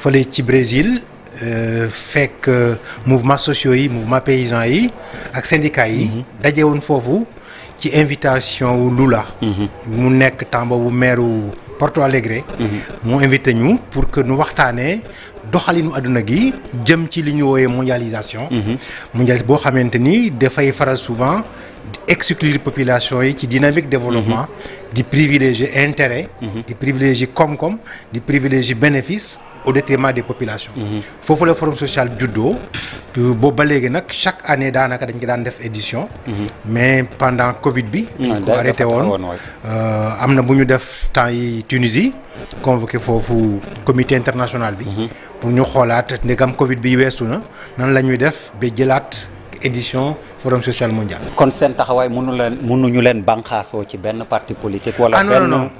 fële ci Brésil euh, fekk euh, mouvement sociaux yi mouvement paysan yi ak syndicat yi mhm. daje woon foofu ci invitation wu Lula mhm. mu nekk temps bu maire wu Porto Alegre mhm. mu invité ñu pour que nu waxtaanee doxalinu àdduna gi jëm ci li ñu wooyee mondialisation mondialis boo xamante ni dafay faral souvent exclure population yi ci dynamique développement mhm. di privilégier intérêt mhm. di privilégier koom-koom di privilégier bénéfice au détriment des populations mhm. foofu la forum social juddoo boobu ba léegi nag chaque année daanaka dañ ko daan def édition mais pendant Covid bi dañ ko arrêté woon euh, am na bu ñu def temps yi Tunisie convoqué foofu comité international bi pour ñu xoolaat ndegam Covid bi weesu na nan la ñuy def ba jëlaat édition forum social mondial. kon seen taxawaay mënu leen ñu leen banqaasoo ci benn parti politique. wala ah, benn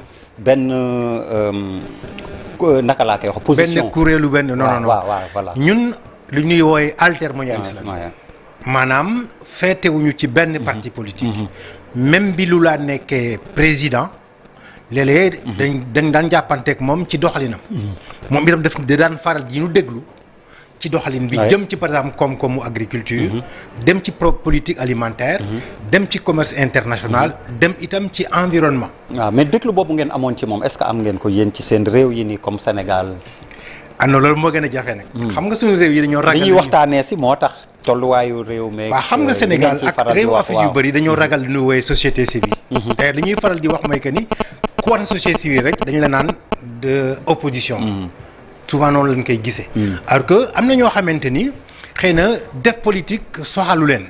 benn euh, naka laa koy wax position. benn kuréelu benn non non non waaw ñun lu ñuy wooye altermondialiste la. maanaam féetewuñu ci benn mhm. parti politique. Mhm. même bi lu laa nekkee président. léeg mhm. dañ dañ daan jàppanteeg moom ci doxalinam. moom itam daf daan faral di ñu déglu. ci doxalin bi jëm ci par exemple koom-koomu agriculture mhm. dem ci pro politique alimentaire mhm. dem ci commerce international mhm. dem itam ci environnement waaw ah, mais déglu boobu ngeen amoon ci moom est-ce que am ngeen ko yéen ci seen réew yi nii comme Sénégal ano ah, loolu moo gën a jafe nag hmm. xam nga suñu réew yi dañoo ragal ñuy waxtaanee si moo tax tolluwaayu réew meeg waaw xam nga Sénégal ak réewu Afrique yu bëri dañoo hmm. ragal lu ñuy woowee société civile hmm. te li ñuy faral di wax mooy que ni ku war société civile rek dañu la naan de opposition souvent noonu lañ koy gisee. Hmm. alors que am na ñoo xamante ni xëy na def politique soxalu leen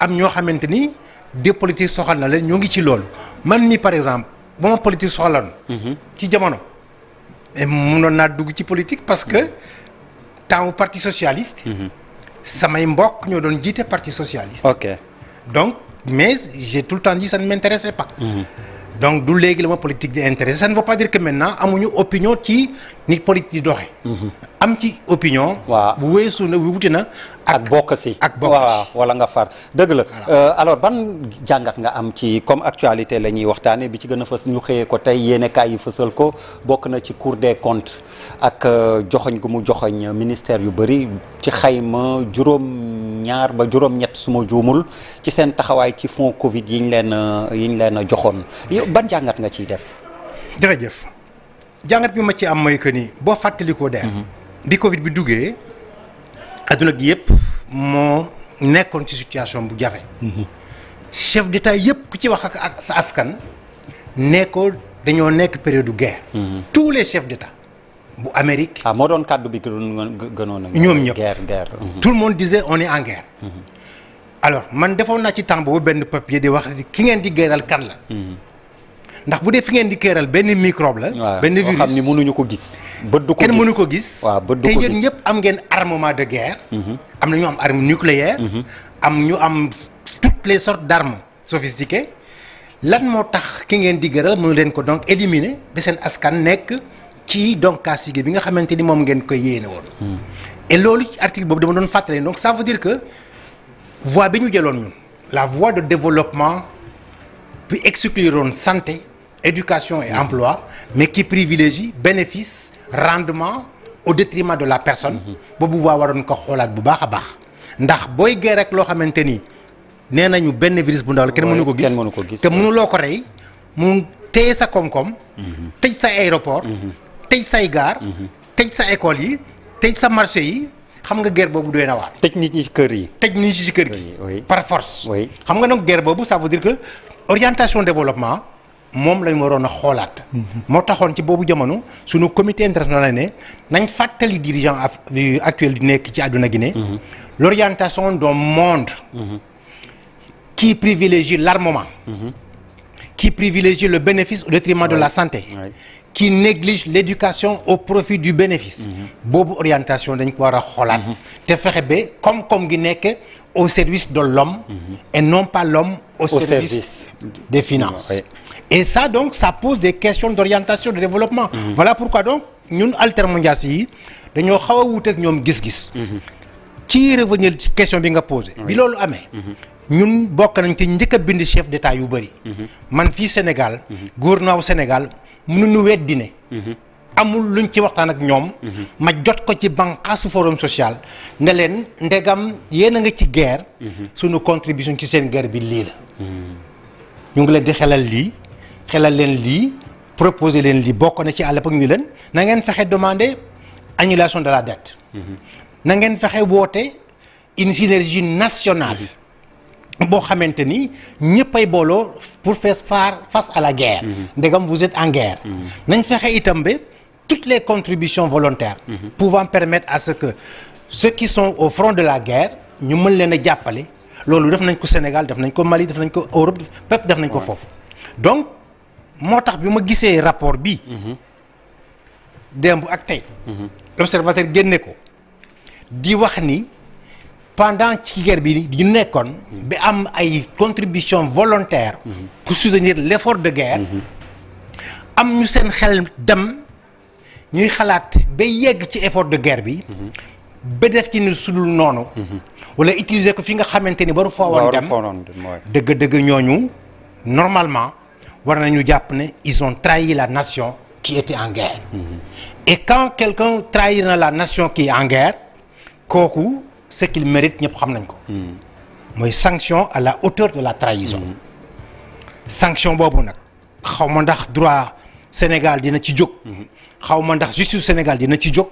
am ñoo xamante ni def politique soxal na leen ñoo ngi ci loolu man mi par exemple ba ma politique soxaloon. Hmm. ci jamono. et mënoon naa dugg ci politique parce que hmm. temps parti socialist samay mbokk ñoo doon jiite parti socialiste. ok donc mais j'ai tout le temps dit ça ne m'intéressait pas. donc du léegi la ma politique di intéressé ça ne veut pas dire que maintenant amuñu opinion ci nit politique di doxe mhm. am ci opinion. waaw bu weesu na wuti na. ak bokk si ak bokk si waaw wala nga far dëgg la. Euh, alors ban jàngat nga am ci comme actualité la ñuy waxtaanee bi ci gën a fës ñu xëyee ko tey yéene yi fësal ko bokk na ci cour des comptes ak euh, joxoñ gu mu joxoñ ministère yu bëri ci xayma juróom. ñaar ba juróom-ñett su juumul ci seen taxawaay ci fonds Covid yi ñu leen yiñ ñu leen joxoon ban jàngat nga ciy def. jërëjëf jàngat bi ma ci am mooy que ni boo fàttalikoo der mhm. bi Covid bi duggee adduna gi yëpp moo nekkoon ci situation bu jafe. Mhm. chef d'état yëpp ku ci wax ak sa askan. nekkoo dañoo nekk période guerre. Mhm. tous les chefs d'état. bu Amérique. Ah, moo doon kàddu bi gënoon a. ñoom ñëpp guerre guerre. tout mhm. le monde disait on est en guerre. Mhm. alors man defoon naa ci temps boobu benn papier di wax ki ngeen di gëral kan la. Mhm. ndax bu dee fi ngeen di këral benn microbe la. benn virus xam ni mënuñu ko gis. bët du ko gis kenn mënu ko gis. waaw bët du ko gis te yéen ñëpp am ngeen armement de guerre. am na ñu am arme nucléaire. am ñu am toutes les sortes d'armes sophistiquées lan moo tax ki ngeen di gëral mënu leen ko donc éliminer ba seen askan nekk. ci donc donkaasige bi nga xamante ni moom ngeen koy yéene woon. et loolu ci article boobu dama doon fàttali donc ça veut que voie bi ñu jëloon ñun la voie de développement bi excluroon santé éducation et emploi mais qui privilégie bénéfice rendement au de la personne. boobu voie waroon ko xoolaat bu baax a baax ndax booy gee rek loo xamante ni nee nañu benn virus bu ndaw la kenn mënu ko gis te mënuloo ko rey mu téye sa koom-koom. Mhm. tëj sa aéroport. Mhm. tëj say gar tëj sa école yi tëj sa marché yi xam nga guerre boobu doy na waar. tëj nit kër yi. tëj nit ñi ci kër gi. par force. xam nga nag ger boobu ça veut dire que orientation développement moom lañ waroon xoolaat. Mhm. moo taxoon ci boobu jamono suñu comité international ne nañ fàttali dirigeant actuel di nekk ci àdduna gi ne. Mhm. l'orientation d'un monde. Mhm. qui privilégie l'armement. qui privilégie le bénéfice au détriment de la santé. ci néglige l'éducation au profit du bénéfice mhm. boobu orientation dañ ko war a xoolaat mhm. te fexe ba koom-koom gi nekk au service de l'homme mhm. et non pas l'homme au service des finances et ça donc ça pose des questions d'orientation de développement voilà pourquoi donc ñun altermondias yi dañoo xaw a wuuteeg ñoom gis-gis ci revenir ci question bi nga posé bi loolu amee ñun bokk nañ te njëkk a bind chef d'état yu bëri man fii Sénégal gouverneur Sénégal mu mënuñu weddi ne mhm. amul luñ ci waxtaan ak ñoom mhm. ma jot ko ci banqaasu forum social ne leen ndegam yéen a nga ci guerre mhm. suñu contribution ci seen guerre bi lii la ñu ngi leen di xelal lii xelal leen lii proposer leen lii bokk na ci à l'époque ñu leen na ngeen fexe demander annulation de la dette na ngeen fexe woote une synergie nationale boo xamante ni ñëppay booloo pour faire face à la guerre. Mhm. ndegam vous êtes en guerre. Mhm. nañ fexe itam ba toutes les contributions volontaires. Mhm. pouvant permettre à ce que ceux qui sont au front de la guerre ñu mën leen a jàppale loolu def nañ ko Sénégal def nañ ko Mali def nañ ko Europe fépp def nañ ko foofu. donc moo tax bi ma gisee rapport bi démb ak tey. observateur génne ko di wax ni. pendant ci guerre bi ñu nekkoon. bi am ay contribution volontaire. pour soutenir l'effort de guerre. am ñu seen xel dem ñuy xalaat ba yegg ci effort de guerre bi. ba def ci ni sudul noonu. wala utiliser ko fi nga xamante ni baru foo woon dem dëgg dëgg ñooñu normalement war nañu jàpp ne ils ont trahi la nation qui était en guerre. et quand quelqu'un trahit na la nation qui est en guerre kooku. ce qu'il mérite ñëpp xam nañ ko. mooy sanction à la hauteur de la trahison. Mmh. sanction boobu nag xaw ma ndax droit Sénégal dina ci jóg. xaw ma ndax justice Sénégal dina ci jóg.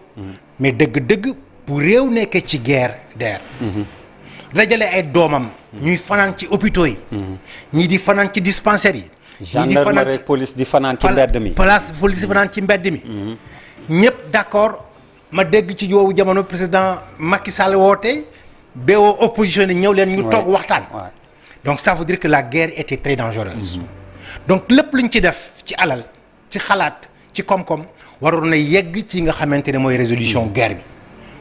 mais dëgg-dëgg bu réew nekkee ci guerre der dajale ay doomam. ñuy fanaan ci hôpitaux yi. ñii di fanaan ci dispensaires yi. ñii di fanaan ci police di fanaan ci mbedd mi. place police di fanaan ci mbedd mi. ñëpp d'accord. ma dégg ci yoowu jamono président Macky Sall woote beewoo opposition ni ñëw leen ñu toog waxtaan donc ça veut dire que la guerre était très dangereuse mhm. donc lépp lu ñu ci def ci alal ci xalaat ci koom-koom waroon na yegg ci nga xamante ne mooy résolution mhm. guerre bi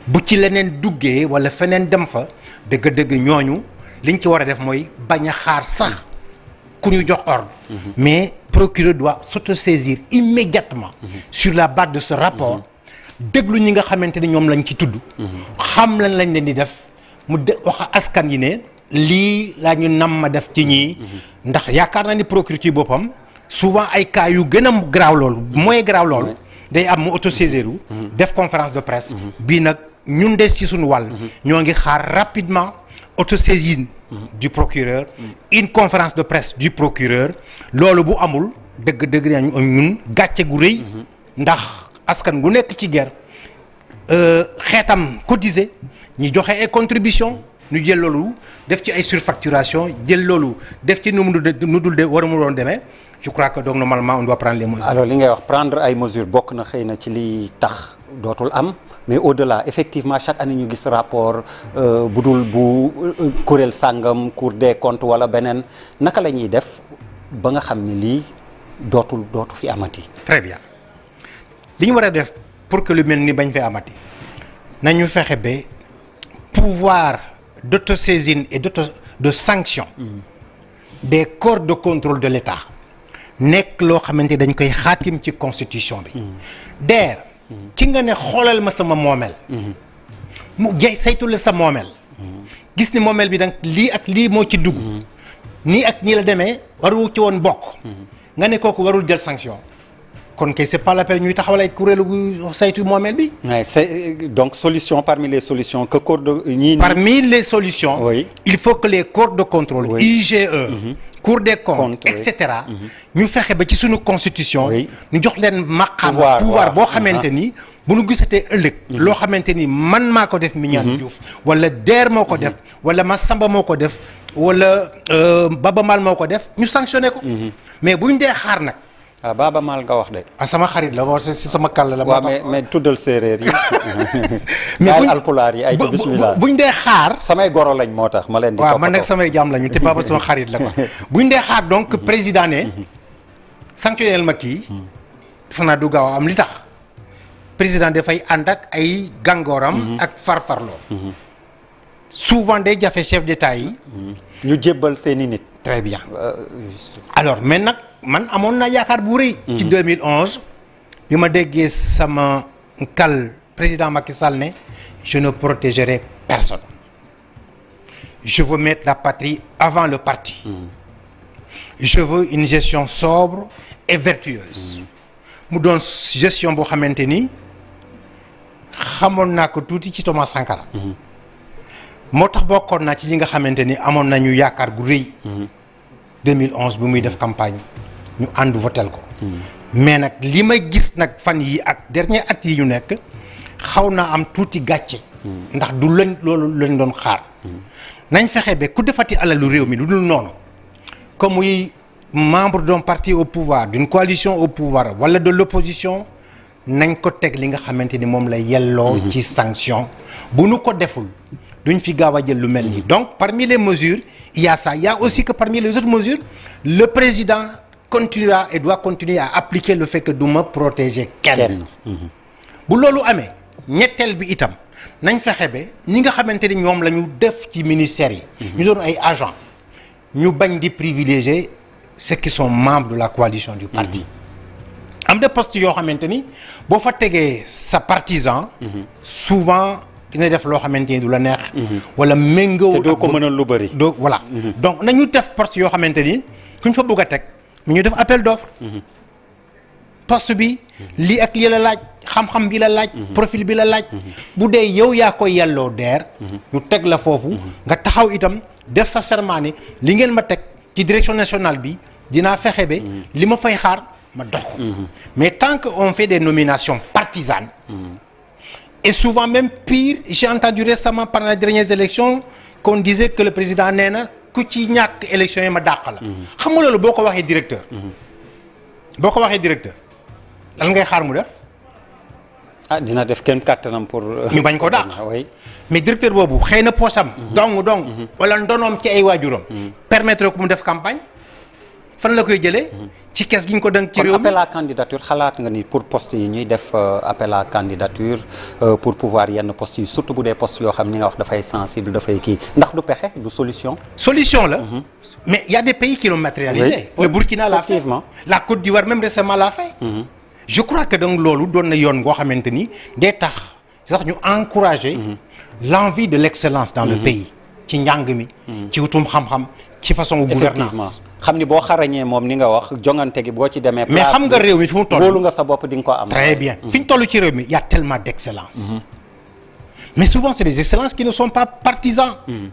bu ci leneen duggee wala feneen dem fa dëgg-dëgg ñooñu liñ ci war a def mooy bañ a xaar sax mhm. ku ñu jox ordre mais procureur doit s'autosaisir immédiatement sur la base de ce rapport déglu ñi nga xamante ni ñoom lañ ci tudd. Mhm. xam lan lañ leen di def mu de wax askan yi ne lii la ñu nam ma def ci ñi mhm. ndax yaakaar naa ni procureur ci boppam souvent ay cas yu gën a graaw loolu mhm. mooy graaw loolu. day am mu autosaisir def conférence de presse. bii nag ñun de si suñu wàll. ñoo ngi xaar rapidement autosaisine. du procureur. une conférence de presse du procureur. loolu bu amul dëgg-dëgg ñun gàcce gu rëy. ndax. askan gu nekk ci guerre euh, xeetam cotisé ñu joxe ay contribution ñu jël loolu def ci ay surfacturation jël loolu def ci nu mu nu dul de war a mu doon demee je crois que donc normalement on doit prendre les li ngay wax prendre ay mesures bokk na xëy na ci li tax dootul am mais au-delà effectivement chaque année ñu gis rapport euh, bu dul bu euh, kuréel sàngam cour des comptes wala beneen naka la ñuy def ba nga xam ni lii dootul dootu fi amati. très li ñu war a def pour que lu mel ni bañ fee amati nañu fexe ba pouvoir d'autosaisine et d'auto de sanction mm-hmm. des corps de contrôle de l'État nekk loo xamante dañ koy xaatim ci constitution bi mm-hmm. deer mm-hmm. ki nga ne xoolal ma sama moomeel mu jay saytu la sa moomeel gis ni moomeel bi danga lii ak lii moo ci dugg nii ak nii la demee waru ci woon bokk nga ne kooku warul jël sanction kon kay c'est pas la ñuy taxawal ay kuréelu gu saytu moomeel bi. c'est donc solution parmi les solutions que corps de ñii. parmi les solutions. oui il faut que les corps de contrôle. Oui. IGE. Mmh. Cour des comptes cetera. Mhm. ñu fexe ba ci suñu constitution. ñu jox leen maqaam pouvoir boo xamante mhm. ni. bu nu gisatee ëllëg. Mhm. loo xamante ni man maa ko def. Mignane Diouf wala DER moo ko def. wala Massamba moo ko def. wala euh, Baba Maal moo ko def ñu sanctionné ko. mais bu ñu dee xaar nag. ah Baaba Maal nga wax de. Ah, sama xarit la boo si sama kàll la. waaw mais mais tuddal séeréer yi. mais buñ ay alpulaar yi ay bismillah buñ dee xaar. samay goro lañ moo tax ma leen di. waaw man samay jaam lañu te Baaba sama xarit la bu ñu dee xaar donc mhm. président ne. Mhm. sanctionnel ma yi mhm. dafa naa du gaaw am li tax. président dafay ànd ak ay gàngooram. ak farfarloo. souvent day jafe chef d'état yi. ñu jébbal seeni nit. très bien euh, alors mais nag. man amoon naa yaakaar bu rëy. ci 2011 mm-hmm. bi ma déggee sama kal président Macky Sall je ne protégerai personne je veux mettre la patrie avant le parti. Mmh. je veux une gestion sobre et vertueuse. Mm-hmm. mu doon gestion boo xamante ni xamoon naa ko tuuti ci Thomas Sankara. Mm-hmm. moo tax bokkoon naa ci ñi nga xamante ni amoon nañu yaakaar gu rëy. 2011 bi muy def campagne. ñu ànd votel ko mais nag li may gis nag fan yi ak dernier at yi ñu nekk xaw naa am tuuti gàcce ndax du lañ loolu lañ doon xaar nañ fexe ba ku defati alalu réew mi lu dul noonu comme muy membre d'un parti au pouvoir d'une coalition au pouvoir wala de l'opposition nañ ko teg li nga xamante ni moom la yelloo mhm. ci sanction bu nu ko deful duñ fi gaaw a jël lu mel nii mhm. donc parmi les mesures il y yaa aussi que parmi les autres mesures le président continuera et doit continuer à appliquer le fait que du ma protéger kenn mhm. bu loolu amee ñetteel bi itam nañ fexe ba ñi nga xamante ni ñoom lañu def ci ministère yi mhm. ñu doon ay agent ñu bañ di privilégier ceux qui sont membre de la coalition du parti mhm. am de poste yoo xamante ni boo fa tegee sa partisan souvent dina def loo xamante ni du la neex wala méngoo te doo ko mënal lu bëri doo voilà donc nañu def poste yoo xamante ni kuñ fa bëgg a teg mu ñu def appel d'offre mhm. poste bi mhm. lii ak lii la laaj xam-xam bi la laaj mhm. profil bi la laaj bu dee yow yaa koy yelloo deer ñu teg la foofu nga taxaw itam def sa serment li ngeen ma teg ci direction nationale bi dinaa fexe ba li ma fay xaar ma dox ko mais tant que on fait des nominations partisanes et souvent même pire j'ai entendu récemment pendant les dernières élections qu'on disait que le président nee na ku ci ñàkk élection yi ma dàq la. xam nga loolu boo ko waxee directeur. boo ko waxee directeur lan ngay xaar mu def. ah dina def kenn kàttanam pour. Euh, ñu bañ ko dàq mais directeur boobu xëy na poosam. Mm-hmm. dong dong. Mm-hmm. wala ndonoom ci ay waajuram. Mm-hmm. permettre ko mu def campagne. fan la koy jëlee. ci kees gi ñu ko dënk ci réew mi appel à candidature xalaat nga ni pour post yi ñuy def euh, appel à candidature euh, pour pouvoir yenn post yi surtout bu dee post yoo xam ni nga wax dafay sensible dafay kii ndax du pexe du solution. solution la. Mhm. mais y a des pays qui l'ont Oui. le l'a fait la Côte d'Ivoire même récemment l'a fait. Mhm. je crois que donc loolu doon na yoon ngoo xamante ni day tax sax ñu encourager. Mhm. l'envie de l'excellence dans le pays. ci njàng mi. ci wutum xam ci façon gouvernance xam ni boo xarañee moom ni nga wax jongante gi boo ci demee. mais xam nga réew mi fi mu toll wóolu nga sa bopp di ko am. très bien mm-hmm. fi ñu toll ci réew mi y a tellement d'excellence. Mm-hmm. mais souvent c'est des excellences qui ne sont pas partisans. Mm -hmm.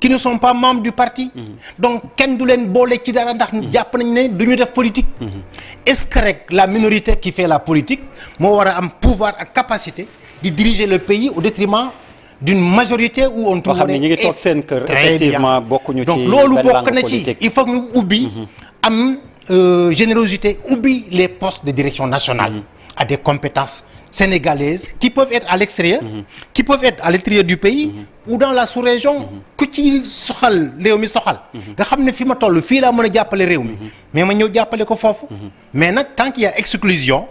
qui ne sont pas membres du parti. Mm-hmm. donc kenn du leen boole ci dara ndax. jàpp nañ ne du ñu def politique. est-ce que rek la minorité qui fait la politique moo war a am pouvoir ak capacité di diriger le pays au détriment. d'une majorité où on trouve ne ñu ngi toog seen kër effectivement bokkuñu donc loolu bokk na ci il faut ñu ubbi mhm. am euh, générosité ubbi les postes de direction nationale mhm. à des compétences sénégalaises qui peuvent être à l'extérieur mhm. qui peuvent être à l'intérieur du pays ou dans la sous-région ku ci soxal réew mi soxal nga xam ne fi ma toll fii laa mën a jàppale réew mi mais ma ñëw jàppale ko foofu mais nag tant qu'il y a exclusion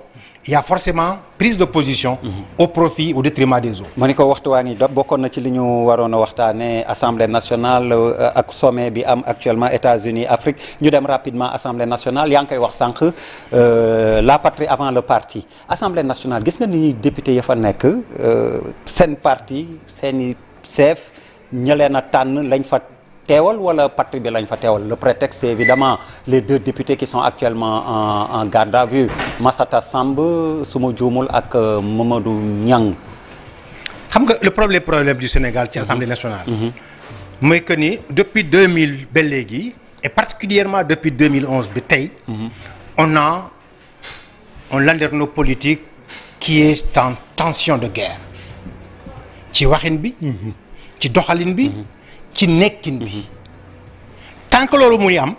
il y a forcément prise de position. au profit au détriment des autres. ma ni ko waxtu waxtuwaan yi bokkoon na ci li ñu waroon a waxtaanee assemblée nationale euh, ak sommet bi am actuellement États-Unis Afrique ñu dem rapidement assemblée nationale yaa ngi koy wax sànq euh, la patrie avant le parti assemblée nationale gis nga ni ñuy député ya fa nekk euh, seen parti seen i chef ña leen a tànn lañ fa. teewal wala patrie bi fa teewal le prétexte c'est évidemment les deux députés qui sont actuellement en en garde à vue Massata Samb su ma juumul ak euh, Mamadou Niang. xam nga le problème problème du Sénégal ci assemblée nationale. Mm-hmm. mooy que ni depuis 2000 ba léegi et particulièrement depuis 2011 bi tey. Mm-hmm. on a un landerneau politique qui est en tension de guerre ci waxin bi. Mm-hmm. ci doxalin bi. ci nekkin bi tant que loolu muy am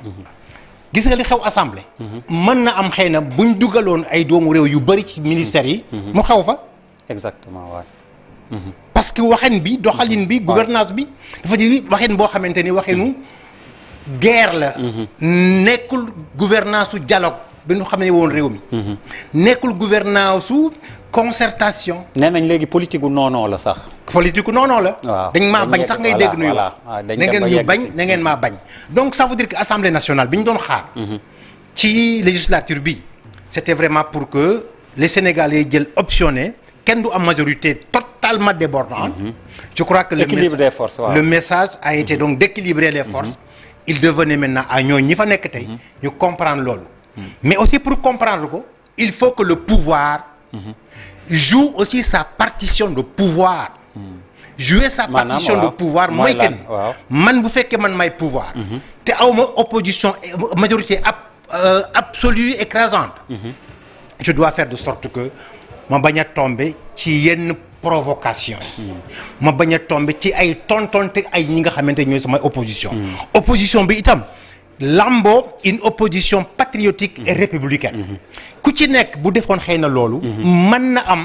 gis nga li xew assemblée mën na am xëy na buñ dugaloon ay doomu réew yu bari ci ministère yi mu xew fa exactement waaw que waxin bi doxalin bi gouvernance bi dafa ji waxin boo xamante ni waxinu guerre la nekkul gouvernance su dialogue bi ñu xam ne woon réew mi mhm. nekkul gouvernance concertation. nee nañ léegi politique gu noonoo la sax. politique gu dañ maa bañ sax ngay dégg nuyu wax na ngeen bañ na maa bañ. donc ça veut dire que assemblée nationale bi ñu doon xaar. Mhm. ci législature bi. c'était vraiment pour que les sénégalais jël optionné kenn du am majorité totalement débordante. Mhm. je crois que le message des forces waaw. le a été mhm. donc d'équilibrer les forces. il devenait maintenant à ñooñu fa nekk tey. ñu comprendre loolu. mais aussi pour comprendre joue aussi sa partition de pouvoir. jouer sa partition de pouvoir mooy que man bu fekkee man may pouvoir. Mhm. te aw ma opposition euh, majorité ab euh, absolue écrasante. Mhm. je dois faire de sorte que ma bañ a tombe ci yenn provocation mhm. ma bañ a tombe ci ay tontonte ay ñi nga xamante ñooy samay opposition. opposition bi itam. làmbo une opposition patriotique et républicaine ku ci nekk bu defoon xëy na loolu mën na am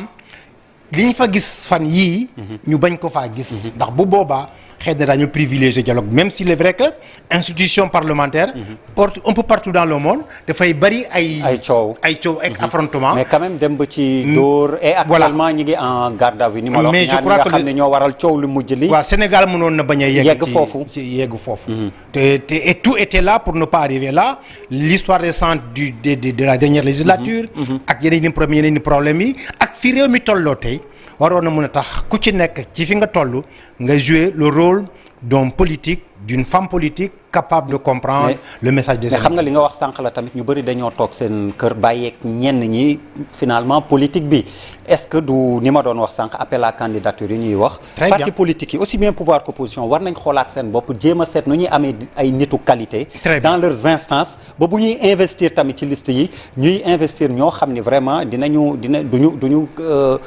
li ñu fa gis fan yii ñu bañ ko faa gis ndax bu boobaa xëy na daañu privilégier dialogue même s'il est vrai que institution parlementaire. Mhm. porte un peu partout dans le monde dafay bari ay. ay coow ay coow ak mhm. affrontement. mais quand dem ba ci dóor. Mm. et actuellement ñu ngi en garde à ni ma ñi nga xam ne ñoo waral coow lu mujj li. waaw Sénégal mënoon na bañ a yegg foofu ci yegg foofu. Mhm. te te et tout était là pour ne pas arriver la l'histoire récente du de de de la dernière législature. ak yeneen i problème yi ak fi réew mi tolloo tey. waroon na mën a tax ku ci nekk ci fi nga toll nga jouer le rôle d'un politique d'une fem politique capable de comprendre mais, le message des mais xam nga li nga wax sànq la tamit ñu bëri dañoo toog seen kër bàyyeek ñenn ñi finalement politique bi est-ce que du ni ma doon wax sànq appel à candidature yi ñuy wax politique yi aussi bien pouvoir qu'opposition war nañ xoolaat seen bopp jéem seet nu ñuy amee ay nitu qualité dans leurs instances ba bu ñuy investir tamit ci liste yi ñuy investir ñoo xam ni vraiment dinañu dina duñu duñu euh,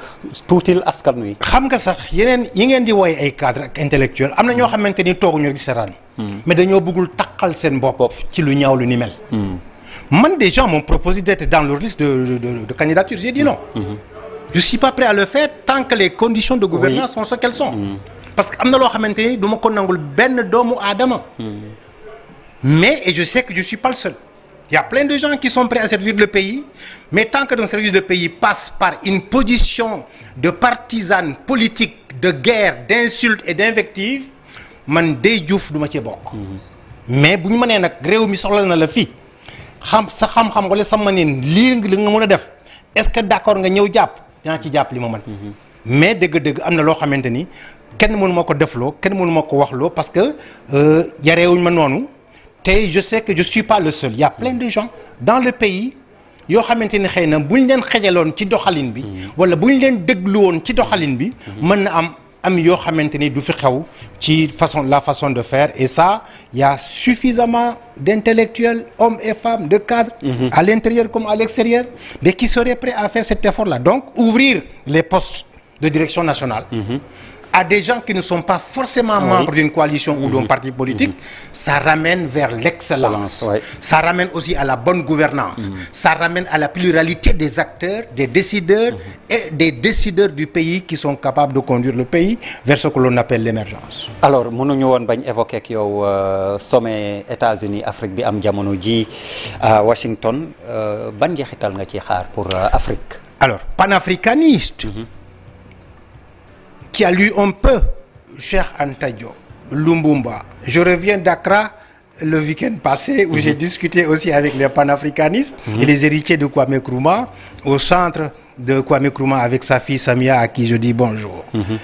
tuutil askan wi xam nga sax yeneen yi ngeen di woy ay cadre ak intellectuel am na ñoo xamante ni tooguñu rek caaxaan. Hmm. mais dañoo bëggul taqal seen bopp. ci lu ñaaw lu ni ma hmm. man gens m'ont proposé d'être dans leur liste de de de candidature j'ai dit non. Hmm. je suis pas prêt à le faire tant que les conditions de gouvernance sont ce qu'elles sont. parce que am na loo xamante ni du ma ko nangul benn doomu aadama. mais et je sais que je suis pas le seul. Il y plein de gens qui sont prêts à servir le pays mais de pays passe par une position de partisane politique de guerre d'insultes et d'invectives man day juuf duma cee bokk. mais bu ñu mënee nag réew mi soxla na la fii xam sa xam-xam wala sa mëneen lii nga mën a def est-ce que d'accord nga ñëw jàpp dinaa ci jàpp li ma mën. Mhm. mais dëgg-dëgg am na loo xamante ni kenn mënu ma ko defloo kenn mënu ma ko loo parce que euh, yareewuñ ma noonu te je sais que je suis pas le seul il y a plein de gens dans le pays. yoo xamante ni xëy na bu ñu leen xejaloon ci doxalin bi. Mhm. wala bu ñu leen dégluwoon ci doxalin bi. Mhm. mën na am am yoo xamante ni du fi xew ci façon la façon de faire et ça y a suffisamment d'intellectuels hommes et femmes de cadres mmh. à l'intérieur comme à l'extérieur mais qui seraient prêts à faire cet effort-là donc ouvrir les postes de direction nationale mmh. à des gens qui ne sont pas forcément oui. membres d'une coalition ou d'un mhm. parti politique, mmh. ça ramène vers l'excellence. Ouais. Ça ramène aussi à la bonne gouvernance. Mmh. Ça ramène à la pluralité des acteurs, des décideurs mhm. et des décideurs du pays qui sont capables de conduire le pays vers ce que l'on appelle l'émergence. Alors, mënuñu woon bañ évoquer ak yow euh, sommet États-Unis Afrique bi am jamono ji à Washington euh, ban njeexital nga ci xaar pour euh, Afrique. Alors, qui a lu un peu Cheikh Anta Diop Lumumba je reviens d'Accra le week-end passé où mmh. j'ai mhm. discuté aussi avec les panafricanistes mmh. et mhm. les héritiers de Kwame Nkrumah au centre de Kwame Nkrumah avec sa fille Samia à qui je dis bonjour mmh.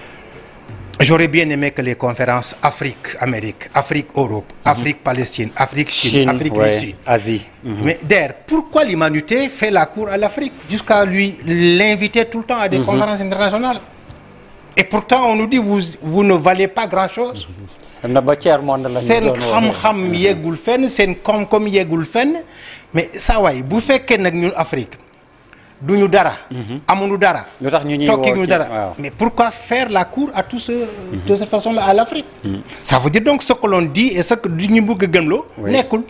J'aurais bien aimé que les conférences Afrique Amérique Afrique Europe mhm. Afrique Palestine Afrique Chine, Chine Afrique ouais, Russie Asie mais d'ailleurs pourquoi l'humanité fait la cour à l'Afrique jusqu'à lui l'inviter tout le temps à des conférences internationales et pourtant on nous dit vous vous ne valez pas grand chose na ba tiers monde la seen xam-xam yeggul fenn seen koom-koom yeggul fenn mais saa waay bu fekkee nag ñun Afrique du ñu dara. Mhm. amuñu dara. lu tax ñu ñuy woo tokki dara mais pourquoi faire la cour à tout ce. Mhm. de cette façon là à l' Afrique. Mhm. ça veut dire donc ce que l'on dit et ce que ñu bëgg a gëmloo. nekkul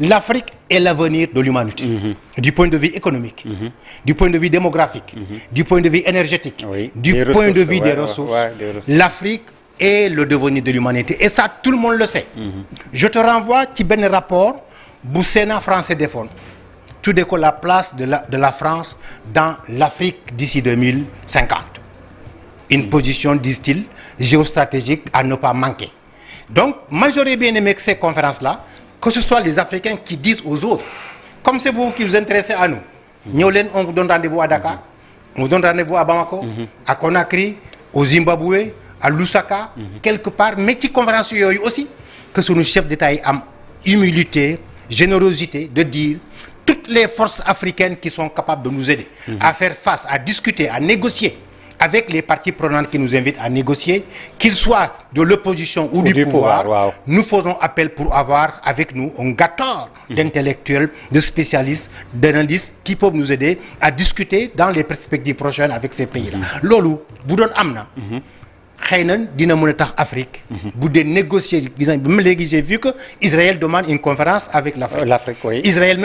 l' Afrique est l' de l'humanité du point de vue économique. du point de vue démographique. du point de vue énergétique. du point de vue des ressources. l' Afrique est le devenir de l'humanité et ça tout le monde le sait. je te renvoie ci benn rapport bu Sénat français defoon. tout tuddee ko la place de la de la France dans l'Afrique d'ici 2050 une position disent-ils géostratégique à ne pas manquer donc moi j'aurais bien aimé que ces conférences-là que ce soit les Africains qui disent aux autres comme c'est vous qui vous intéressez à nous ñëw on vous donne rendez-vous à Dakar on vous donne rendez-vous à Bamako mhm. à Conakry au Zimbabwe à Lusaka mhm. quelque part mais ci conférence yooyu aussi que sunu chef d'État yi am humilité générosité de dire toutes les forces africaines qui sont capables de nous aider à faire face, à discuter, à négocier avec les parties prenantes qui nous invitent à négocier, qu'ils soient de l'opposition ou, ou, du, du pouvoir, pouvoir wow. nous faisons appel pour avoir avec nous un gâteau mmh. d'intellectuels, de spécialistes, d'analystes qui peuvent nous aider à discuter dans les perspectives prochaines avec ces pays-là. Mmh. loolu bu doon am na xëy na a tax Afrique. Mhm. bu dee négocier gis ma léegi j'ai vu que Israël demande une conférence avec l' Afrique. Euh, l' Israël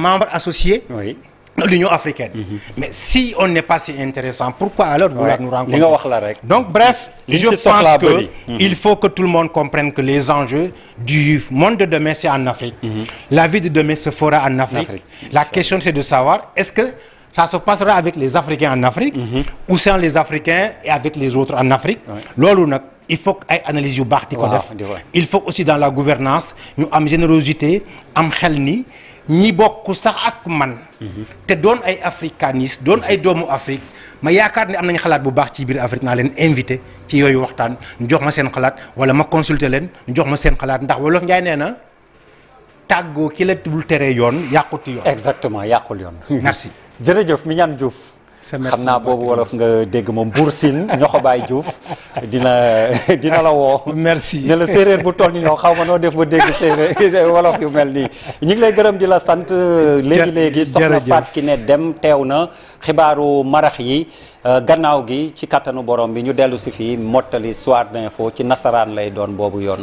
membre associé. oui de l'Union africaine. Mm -hmm. mais si on n'est pas si intéressant pourquoi alors. vouloir nous rencontrer la donc bref. je pense que mhm. il faut que tout le monde comprenne que les enjeux du monde de demain c'est en Afrique. Mm la vie de demain se fera en En Afrique. la question c'est de savoir est-ce que. ca se passera avec les Africains en Afrique. Mhm. ou sans les Africains et avec les autres en Afrique. loolu nag il faut ay analyse yu baax. di ko def il faut aussi dans la gouvernance ñu am générosité am xel ni ñi bokk sax ak man. Mhm. te doon ay africaniste doon ay doomu Afrique. ma yaakaar ni am nañu xalaat bu baax ci biir Afrique naa leen invité ci yooyu waxtaan ñu jox ma seen xalaat wala ma consulter leen ñu jox ma seen xalaat ndax wolof Njaay nee na. tàggoo ki la dul tere yoon yàquti yoon. exactement yàqul yoon. merci jërëjëf Mignane Diouf. xam naa boobu wolof nga dégg moom Buur Sine ñoxo baay Diouf dina dina la woo. merci ne la séeréer bu toll ni ñoo xaw ma noo def ba dégg séeréer wolof yu mel nii. ñu ngi lay gërëm di la sant. Euh, léegi léegi soxna Faat ki ne dem teew na xibaaru marax yi. Euh, gannaaw gi ci kattanu borom bi ñu dellu si fii mottali soir d'info ci nasaraan lay doon boobu yoon.